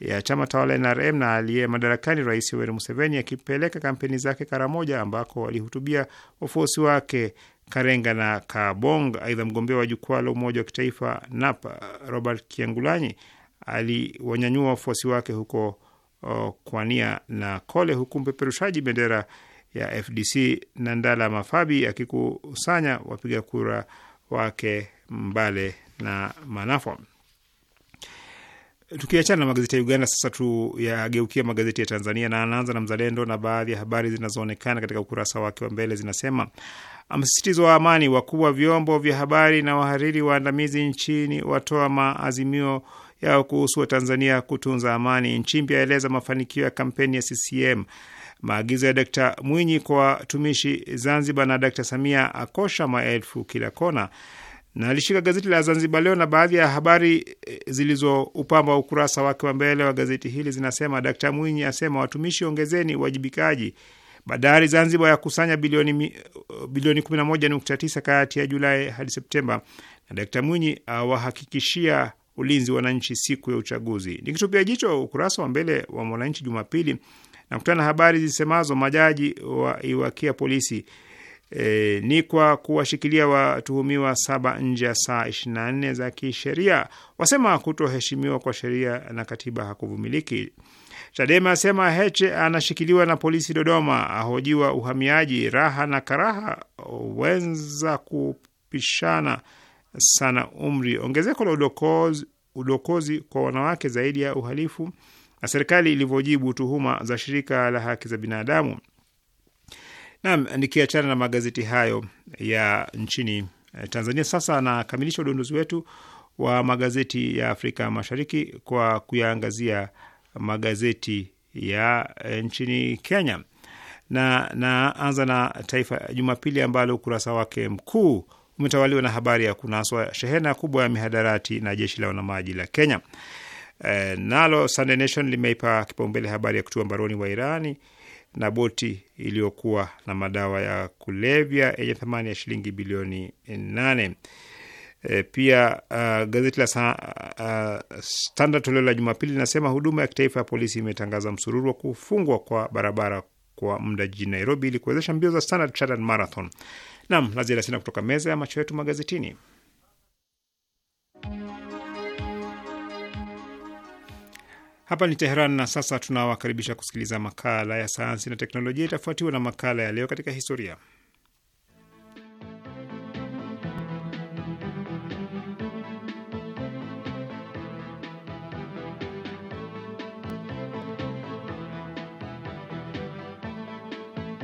ya chama tawala NRM na aliye madarakani Rais Yoweri Museveni akipeleka kampeni zake Karamoja ambako walihutubia wafuasi wake Karenga na Kabong. Aidha, mgombea wa jukwaa la umoja wa kitaifa NAP Robert Kiangulanyi aliwanyanyua wafuasi wake huko uh, Kwania na Kole, huku mpeperushaji bendera ya FDC Nandala Mafabi akikusanya wapiga kura wake Mbale na Manafo. Tukiachana na magazeti ya Uganda, sasa tuyageukia magazeti ya Tanzania na anaanza na Mzalendo, na baadhi ya habari zinazoonekana katika ukurasa wake wa mbele zinasema msisitizo wa amani. Wakuu wa vyombo vya habari na wahariri waandamizi nchini watoa maazimio yao kuhusu Watanzania kutunza amani. Nchimbi aeleza mafanikio ya kampeni ya CCM. Maagizo ya Dkt Mwinyi kwa watumishi Zanzibar na Dkt Samia akosha maelfu kila kona. Na alishika gazeti la Zanzibar Leo, na baadhi ya habari eh, zilizoupamba ukurasa wake wa mbele wa gazeti hili zinasema: Dkt Mwinyi asema watumishi ongezeni uwajibikaji Bandari Zanzibar kusanya bilioni, bilioni 11.9 kati ya Julai hadi Septemba, na Dkt Mwinyi awahakikishia ulinzi wananchi siku ya uchaguzi. Nikitupia jicho ukurasa wa mbele wa Mwananchi Jumapili nakutana na habari zisemazo majaji waiwakia polisi E, ni kwa kuwashikilia watuhumiwa saba nje ya saa 24 za kisheria, wasema kutoheshimiwa kwa sheria na katiba hakuvumiliki. Chadema asema Heche anashikiliwa na polisi Dodoma, ahojiwa uhamiaji. Raha na Karaha wenza kupishana sana umri. Ongezeko la udokozi, udokozi kwa wanawake zaidi ya uhalifu na serikali ilivyojibu tuhuma za shirika la haki za binadamu. Naam, nikiachana na magazeti hayo ya nchini eh, Tanzania, sasa nakamilisha udondozi wetu wa magazeti ya Afrika Mashariki kwa kuyaangazia magazeti ya eh, nchini Kenya na naanza na Taifa Jumapili ambalo ukurasa wake mkuu umetawaliwa na habari ya kunaswa shehena kubwa ya mihadarati na jeshi la wanamaji la Kenya. E, nalo Sunday Nation limeipa kipaumbele habari ya kutua mbaroni wa Irani na boti iliyokuwa na madawa ya kulevya yenye thamani ya shilingi bilioni nane. E, pia uh, gazeti la uh, Standard toleo la Jumapili linasema huduma ya kitaifa ya polisi imetangaza msururu wa kufungwa kwa barabara kwa muda jijini Nairobi ili kuwezesha mbio za Standard Chartered Marathon. Naam, la ziada sina kutoka meza ya macho yetu magazetini. Hapa ni Teheran na sasa tunawakaribisha kusikiliza makala ya sayansi na teknolojia, itafuatiwa na makala ya leo katika historia.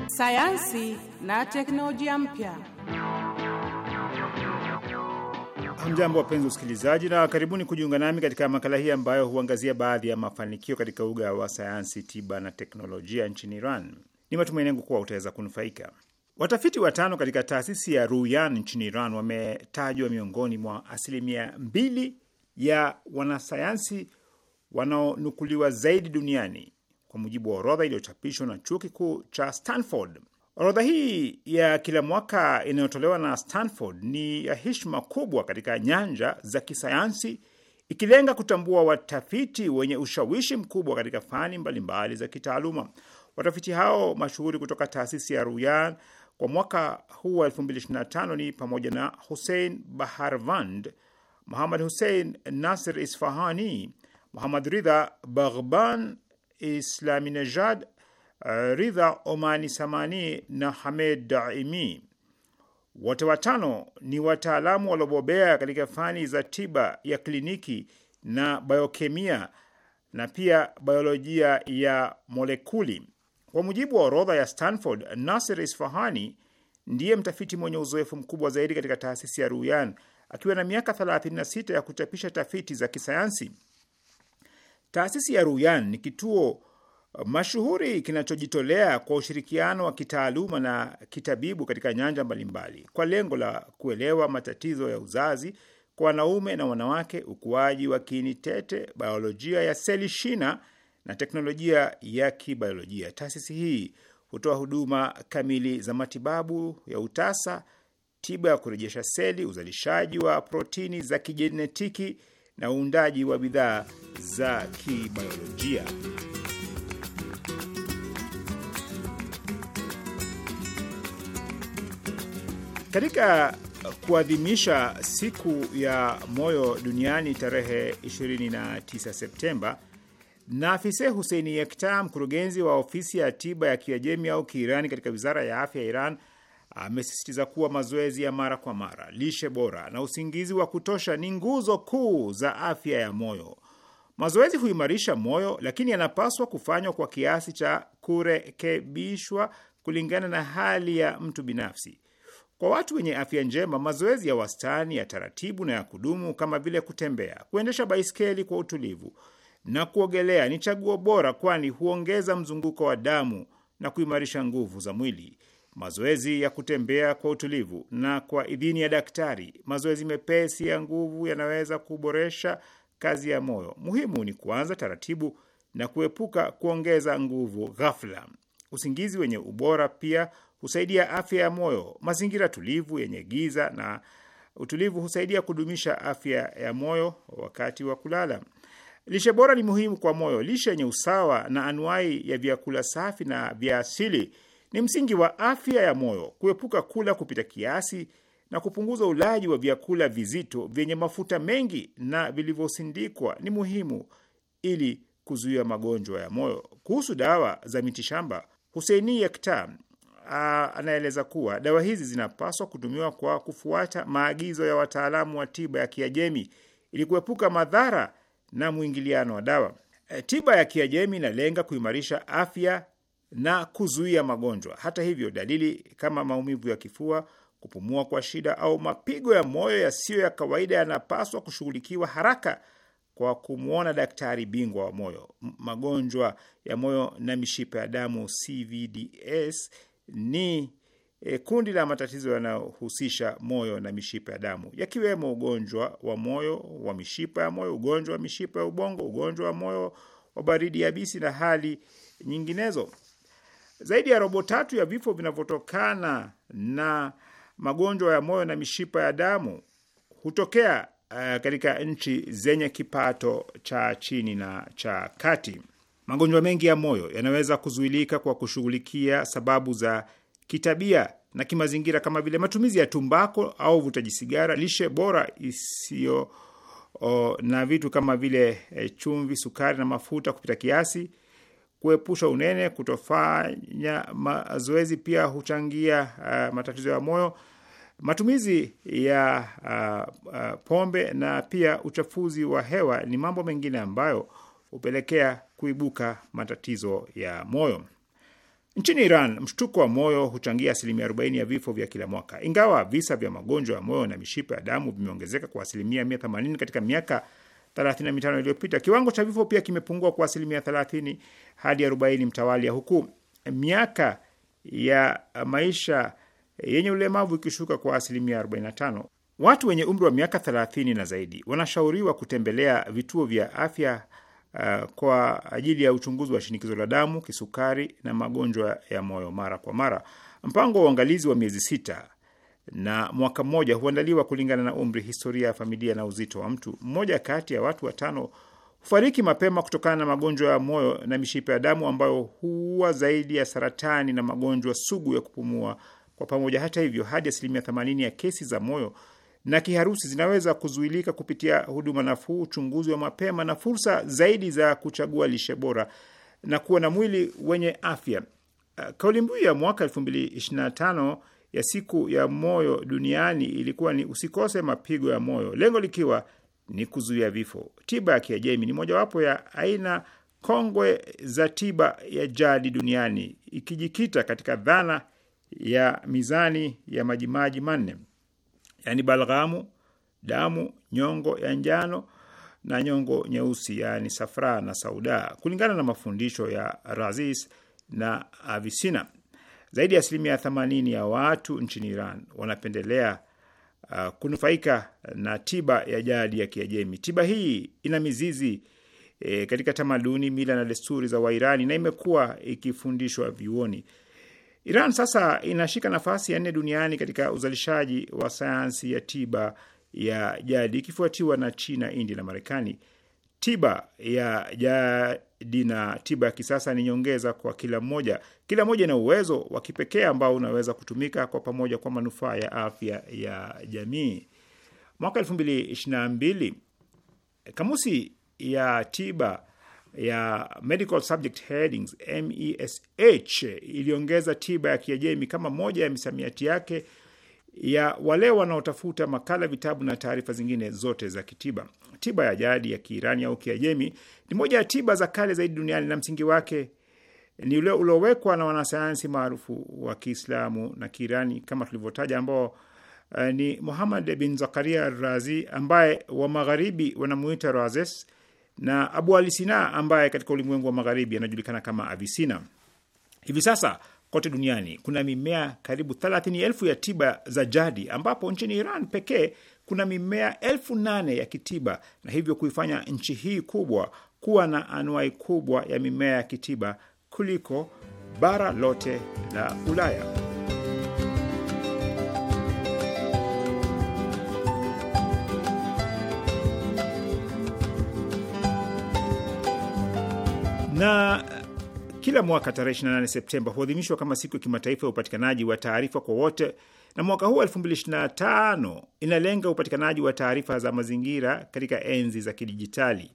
sayansi na teknolojia mpya. Hamjambo, wapenzi usikilizaji, na karibuni kujiunga nami katika makala hii ambayo huangazia baadhi ya mafanikio katika uga wa sayansi, tiba na teknolojia nchini Iran. Ni matumaini yangu kuwa utaweza kunufaika. Watafiti watano katika taasisi ya Ruyan nchini Iran wametajwa miongoni mwa asilimia mbili ya wanasayansi wanaonukuliwa zaidi duniani kwa mujibu wa orodha iliyochapishwa na chuo kikuu cha Stanford. Orodha hii ya kila mwaka inayotolewa na Stanford ni ya heshima kubwa katika nyanja za kisayansi, ikilenga kutambua watafiti wenye ushawishi mkubwa katika fani mbalimbali za kitaaluma. Watafiti hao mashuhuri kutoka taasisi ya Ruyan kwa mwaka huu wa 2025 ni pamoja na Hussein Baharvand, Muhammad Hussein Nasir Isfahani, Muhammad Ridha Baghban islami najad uh, Ridha Omani Samani na Hamed Daimi. Wote watano ni wataalamu waliobobea katika fani za tiba ya kliniki na biokemia na pia biolojia ya molekuli. Kwa mujibu wa orodha ya Stanford, Nasir Isfahani ndiye mtafiti mwenye uzoefu mkubwa zaidi katika taasisi ya Ruyan akiwa na miaka 36 ya kuchapisha tafiti za kisayansi. Taasisi ya Ruyan ni kituo uh, mashuhuri kinachojitolea kwa ushirikiano wa kitaaluma na kitabibu katika nyanja mbalimbali kwa lengo la kuelewa matatizo ya uzazi kwa wanaume na wanawake, ukuaji wa kiini tete, biolojia ya seli shina na teknolojia ya kibiolojia. Taasisi hii hutoa huduma kamili za matibabu ya utasa, tiba ya kurejesha seli, uzalishaji wa protini za kijenetiki na uundaji wa bidhaa za kibiolojia. Katika kuadhimisha siku ya moyo duniani tarehe 29 Septemba, Nafise Huseini Yekta, mkurugenzi wa ofisi ya tiba ya Kiajemi au Kiirani katika wizara ya afya ya Iran, amesisitiza kuwa mazoezi ya mara kwa mara, lishe bora na usingizi wa kutosha ni nguzo kuu za afya ya moyo. Mazoezi huimarisha moyo, lakini yanapaswa kufanywa kwa kiasi cha kurekebishwa kulingana na hali ya mtu binafsi. Kwa watu wenye afya njema, mazoezi ya wastani, ya taratibu na ya kudumu kama vile kutembea, kuendesha baiskeli kwa utulivu na kuogelea ni chaguo bora, kwani huongeza mzunguko wa damu na kuimarisha nguvu za mwili mazoezi ya kutembea kwa utulivu na kwa idhini ya daktari. Mazoezi mepesi ya nguvu yanaweza kuboresha kazi ya moyo. Muhimu ni kuanza taratibu na kuepuka kuongeza nguvu ghafla. Usingizi wenye ubora pia husaidia afya ya moyo. Mazingira tulivu yenye giza na utulivu husaidia kudumisha afya ya moyo wakati wa kulala. Lishe bora ni muhimu kwa moyo. Lishe yenye usawa na anuai ya vyakula safi na vya asili ni msingi wa afya ya moyo kuepuka kula kupita kiasi na kupunguza ulaji wa vyakula vizito vyenye mafuta mengi na vilivyosindikwa ni muhimu ili kuzuia magonjwa ya moyo. Kuhusu dawa za mitishamba, Huseini Yekta anaeleza kuwa dawa hizi zinapaswa kutumiwa kwa kufuata maagizo ya wataalamu wa tiba ya Kiajemi ili kuepuka madhara na mwingiliano wa dawa. E, tiba ya Kiajemi inalenga kuimarisha afya na kuzuia magonjwa. Hata hivyo, dalili kama maumivu ya kifua, kupumua kwa shida au mapigo ya moyo yasiyo ya kawaida yanapaswa kushughulikiwa haraka kwa kumwona daktari bingwa wa moyo. Magonjwa ya moyo na mishipa ya damu CVDs ni e, kundi la matatizo yanayohusisha moyo na mishipa ya damu yakiwemo ugonjwa wa moyo wa mishipa ya moyo, ugonjwa wa mishipa ya ubongo, ugonjwa wa moyo wa baridi yabisi na hali nyinginezo. Zaidi ya robo tatu ya vifo vinavyotokana na magonjwa ya moyo na mishipa ya damu hutokea uh, katika nchi zenye kipato cha chini na cha kati. Magonjwa mengi ya moyo yanaweza kuzuilika kwa kushughulikia sababu za kitabia na kimazingira kama vile matumizi ya tumbako au vutaji sigara, lishe bora isiyo na vitu kama vile eh, chumvi, sukari na mafuta kupita kiasi, kuepusha unene, kutofanya mazoezi pia huchangia uh, matatizo ya moyo, matumizi ya uh, uh, pombe na pia uchafuzi wa hewa ni mambo mengine ambayo hupelekea kuibuka matatizo ya moyo. Nchini Iran, mshtuko wa moyo huchangia asilimia 40 ya vifo vya kila mwaka. Ingawa visa vya magonjwa ya moyo na mishipa ya damu vimeongezeka kwa asilimia 180 katika miaka 35 iliyopita. Kiwango cha vifo pia kimepungua kwa asilimia 30 hadi 40 mtawalia, huku miaka ya maisha yenye ulemavu ikishuka kwa asilimia 45. Watu wenye umri wa miaka 30 na zaidi wanashauriwa kutembelea vituo vya afya uh, kwa ajili ya uchunguzi wa shinikizo la damu, kisukari na magonjwa ya moyo mara kwa mara. Mpango wa uangalizi wa miezi sita na mwaka mmoja huandaliwa kulingana na umri, historia ya familia na uzito wa mtu. Mmoja kati ya watu watano hufariki mapema kutokana na magonjwa ya moyo na mishipa ya damu ambayo huwa zaidi ya saratani na magonjwa sugu ya kupumua kwa pamoja. Hata hivyo, hadi asilimia themanini ya kesi za moyo na kiharusi zinaweza kuzuilika kupitia huduma nafuu, uchunguzi wa mapema na fursa zaidi za kuchagua lishe bora na kuwa na mwili wenye afya. Uh, kauli mbiu ya mwaka 2025 ya siku ya moyo duniani ilikuwa ni usikose mapigo ya moyo, lengo likiwa ni kuzuia vifo. Tiba ya Kiajemi ni mojawapo ya aina kongwe za tiba ya jadi duniani, ikijikita katika dhana ya mizani ya majimaji manne, yaani balghamu, damu, nyongo ya njano na nyongo nyeusi, yaani safra na sauda, kulingana na mafundisho ya Razis na Avisina. Zaidi ya asilimia themanini ya watu nchini Iran wanapendelea uh, kunufaika na tiba ya jadi ya Kiajemi. Tiba hii ina mizizi e, katika tamaduni, mila na desturi za Wairani na imekuwa ikifundishwa vyuoni. Iran sasa inashika nafasi ya nne duniani katika uzalishaji wa sayansi ya tiba ya jadi ikifuatiwa na China, India na Marekani tiba ya jadi na tiba ya kisasa ni nyongeza kwa kila mmoja. Kila mmoja ina uwezo wa kipekee ambao unaweza kutumika kwa pamoja kwa manufaa ya afya ya jamii. Mwaka elfu mbili ishirini na mbili kamusi ya tiba ya Medical Subject Headings MESH iliongeza tiba ya Kiajemi kama moja ya misamiati yake ya wale wanaotafuta makala, vitabu na taarifa zingine zote za kitiba. Tiba ya jadi ya Kiirani au Kiajemi ni moja ya tiba za kale zaidi duniani na msingi wake ni ule uliowekwa na wanasayansi maarufu wa Kiislamu na Kiirani kama tulivyotaja, ambao uh, ni Muhammad bin Zakaria Razi ambaye wa magharibi wanamuita Razes na Abu Alisina ambaye katika ulimwengu wa magharibi anajulikana kama Avisina. Hivi sasa kote duniani kuna mimea karibu 30,000 ya tiba za jadi ambapo nchini Iran pekee kuna mimea elfu nane ya kitiba na hivyo kuifanya nchi hii kubwa kuwa na anuai kubwa ya mimea ya kitiba kuliko bara lote la Ulaya. na kila mwaka tarehe 28 Septemba huadhimishwa kama siku ya kimataifa ya upatikanaji wa taarifa kwa wote, na mwaka huu 2025 inalenga upatikanaji wa taarifa za mazingira katika enzi za kidijitali,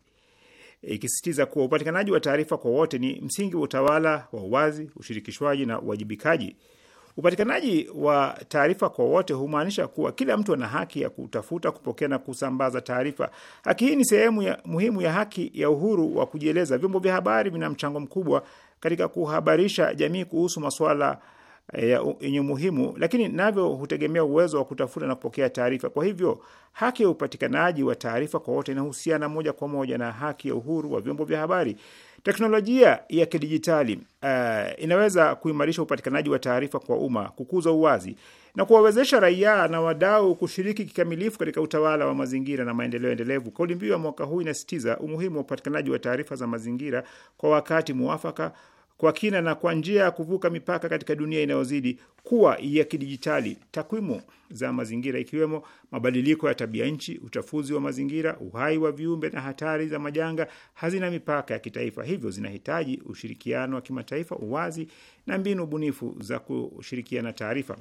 ikisisitiza kuwa upatikanaji wa taarifa kwa wote ni msingi wa utawala wa uwazi, ushirikishwaji na uwajibikaji. Upatikanaji wa taarifa kwa wote humaanisha kuwa kila mtu ana haki ya kutafuta, kupokea na kusambaza taarifa. Haki hii ni sehemu ya, muhimu ya haki ya uhuru wa kujieleza. Vyombo vya habari vina mchango mkubwa katika kuhabarisha jamii kuhusu masuala eh, yenye umuhimu, lakini navyo hutegemea uwezo wa kutafuta na kupokea taarifa. Kwa hivyo, haki ya upatikanaji wa taarifa kwa wote inahusiana moja kwa moja na haki ya uhuru wa vyombo vya habari. Teknolojia ya kidijitali uh, inaweza kuimarisha upatikanaji wa taarifa kwa umma, kukuza uwazi na kuwawezesha raia na wadau kushiriki kikamilifu katika utawala wa mazingira na maendeleo endelevu. Kauli mbiu ya mwaka huu inasisitiza umuhimu wa upatikanaji wa taarifa za mazingira kwa wakati muafaka kwa kina na kwa njia ya kuvuka mipaka katika dunia inayozidi kuwa ya kidijitali. Takwimu za mazingira ikiwemo mabadiliko ya tabia nchi, uchafuzi wa mazingira, uhai wa viumbe na hatari za majanga hazina mipaka ya kitaifa, hivyo zinahitaji ushirikiano wa kimataifa, uwazi na mbinu bunifu za kushirikiana taarifa.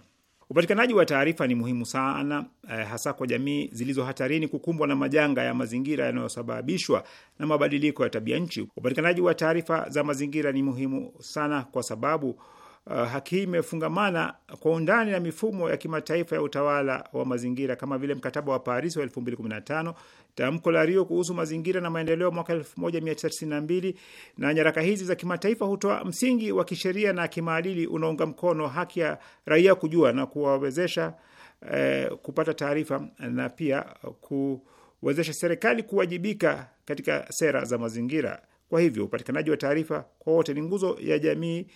Upatikanaji wa taarifa ni muhimu sana eh, hasa kwa jamii zilizo hatarini kukumbwa na majanga ya mazingira yanayosababishwa na mabadiliko ya tabia nchi. Upatikanaji wa taarifa za mazingira ni muhimu sana kwa sababu Uh, haki hii imefungamana kwa undani na mifumo ya kimataifa ya utawala wa mazingira kama vile mkataba wa Paris wa 2015 tamko la Rio kuhusu mazingira na maendeleo mwaka 1992 na nyaraka hizi za kimataifa hutoa msingi wa kisheria na kimaadili unaunga mkono haki ya raia kujua na kuwawezesha eh, kupata taarifa na pia kuwezesha serikali kuwajibika katika sera za mazingira. Kwa hivyo upatikanaji wa taarifa kwa wote ni nguzo ya jamii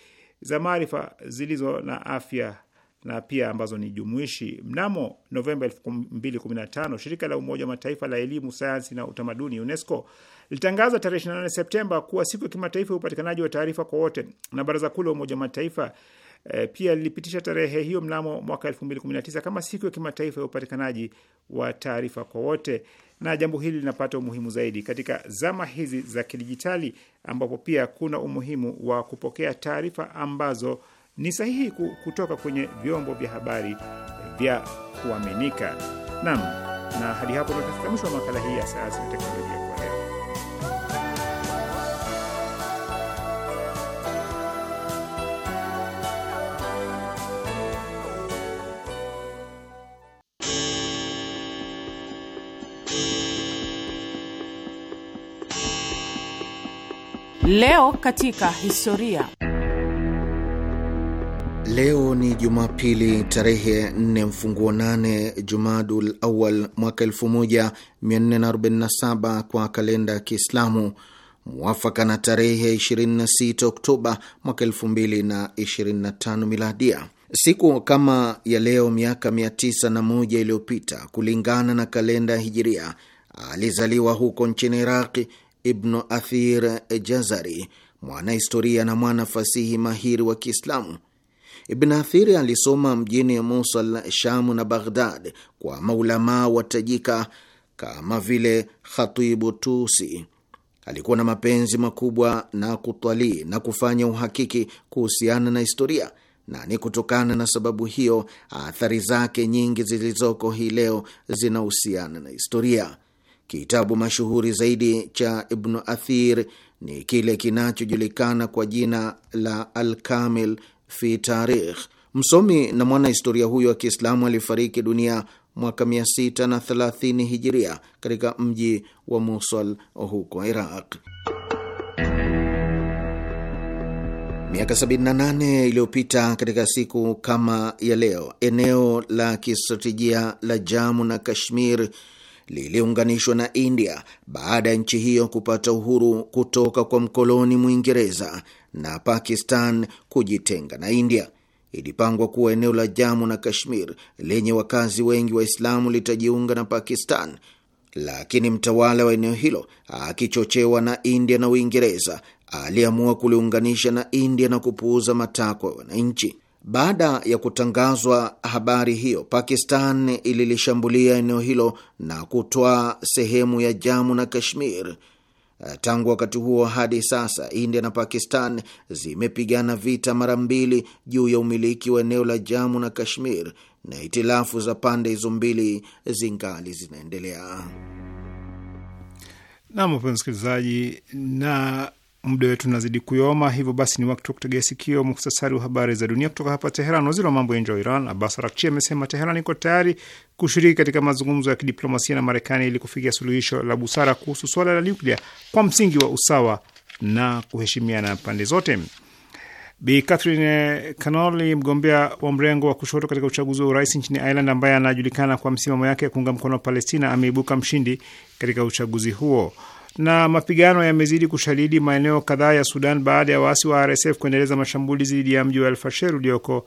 za maarifa zilizo na afya na pia ambazo ni jumuishi. Mnamo Novemba 2015 shirika la Umoja wa Mataifa la elimu, sayansi na utamaduni UNESCO litangaza tarehe 28 Septemba kuwa siku ya kimataifa ya upatikanaji wa taarifa kwa wote, na Baraza Kuu la Umoja wa Mataifa e, pia lilipitisha tarehe hiyo mnamo mwaka 2019 kama siku ya kimataifa ya upatikanaji wa taarifa kwa wote, na jambo hili linapata umuhimu zaidi katika zama hizi za kidijitali, ambapo pia kuna umuhimu wa kupokea taarifa ambazo ni sahihi kutoka kwenye vyombo vya habari vya kuaminika. Naam, na hadi hapo tunafika mwisho wa makala hii ya sayansi na teknolojia kwa leo. Leo katika historia Leo ni Jumapili tarehe 4 mfunguo 8 Jumadul Awal mwaka 1447 kwa kalenda ya Kiislamu, mwafaka na tarehe 26 Oktoba mwaka 2025 miladia. Siku kama ya leo miaka 901 iliyopita kulingana na kalenda ya Hijiria, alizaliwa huko nchini Iraqi Ibnu Athir Jazari, mwanahistoria na mwana fasihi mahiri wa Kiislamu Ibn Athiri alisoma mjini Mosul, Shamu na Baghdad kwa maulamaa watajika kama vile Khatibu Tusi. Alikuwa na mapenzi makubwa na kutwalii na kufanya uhakiki kuhusiana na historia, na ni kutokana na sababu hiyo athari zake nyingi zilizoko hii leo zinahusiana na historia. Kitabu mashuhuri zaidi cha Ibnu Athir ni kile kinachojulikana kwa jina la Alkamil fi tarikh. Msomi na mwanahistoria huyo wa Kiislamu alifariki dunia mwaka 630 hijiria katika mji wa Mosul huko Iraq. Miaka 78 iliyopita katika siku kama ya leo, eneo la kistratejia la Jamu na Kashmir liliunganishwa na India baada ya nchi hiyo kupata uhuru kutoka kwa mkoloni Mwingereza na Pakistan kujitenga na India. Ilipangwa kuwa eneo la Jamu na Kashmir lenye wakazi wengi Waislamu litajiunga na Pakistan, lakini mtawala wa eneo hilo akichochewa na India na Uingereza aliamua kuliunganisha na India na kupuuza matakwa ya wananchi. Baada ya kutangazwa habari hiyo, Pakistan ililishambulia eneo hilo na kutoa sehemu ya Jamu na Kashmir. Tangu wakati huo hadi sasa, India na Pakistan zimepigana vita mara mbili juu ya umiliki wa eneo la Jamu na Kashmir, na itilafu za pande hizo mbili zingali zinaendelea. Nam, wapenzi msikilizaji, na muda wetu unazidi kuyoma, hivyo basi ni wakati wa kutegea sikio muhtasari wa habari za dunia kutoka hapa Teheran. Waziri wa mambo ya nje wa Iran Abbas Araghchi amesema Teheran iko tayari kushiriki katika mazungumzo ya kidiplomasia na Marekani ili kufikia suluhisho la busara kuhusu suala la nyuklia kwa msingi wa usawa na kuheshimiana pande zote. Bi Catherine Canoli, mgombea wa mrengo wa kushoto katika uchaguzi wa urais nchini Ireland, ambaye anajulikana kwa msimamo yake ya kuunga mkono wa Palestina, ameibuka mshindi katika uchaguzi huo na mapigano yamezidi kushadidi maeneo kadhaa ya Sudan baada ya waasi wa RSF kuendeleza mashambulizi dhidi ya mji wa Alfasher ulioko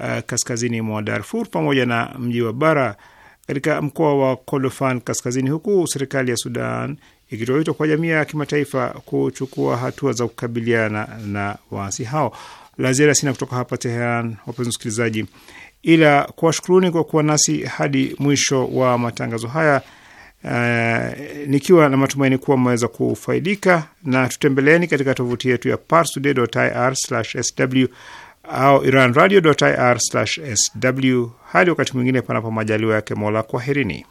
uh, kaskazini mwa Darfur pamoja na mji wa Bara katika mkoa wa Kordofan kaskazini, huku serikali ya Sudan ikitoa wito kwa jamii ya kimataifa kuchukua hatua za kukabiliana na waasi hao. La ziada sina kutoka hapa Teheran, wapenzi wasikilizaji, ila kuwashukuruni kwa kuwa nasi hadi mwisho wa matangazo haya Uh, nikiwa na matumaini kuwa mmeweza kufaidika na tutembeleeni katika tovuti yetu ya parstoday.ir/sw au iranradio.ir/sw. Hadi wakati mwingine, panapo majaliwa yake Mola, kwaherini.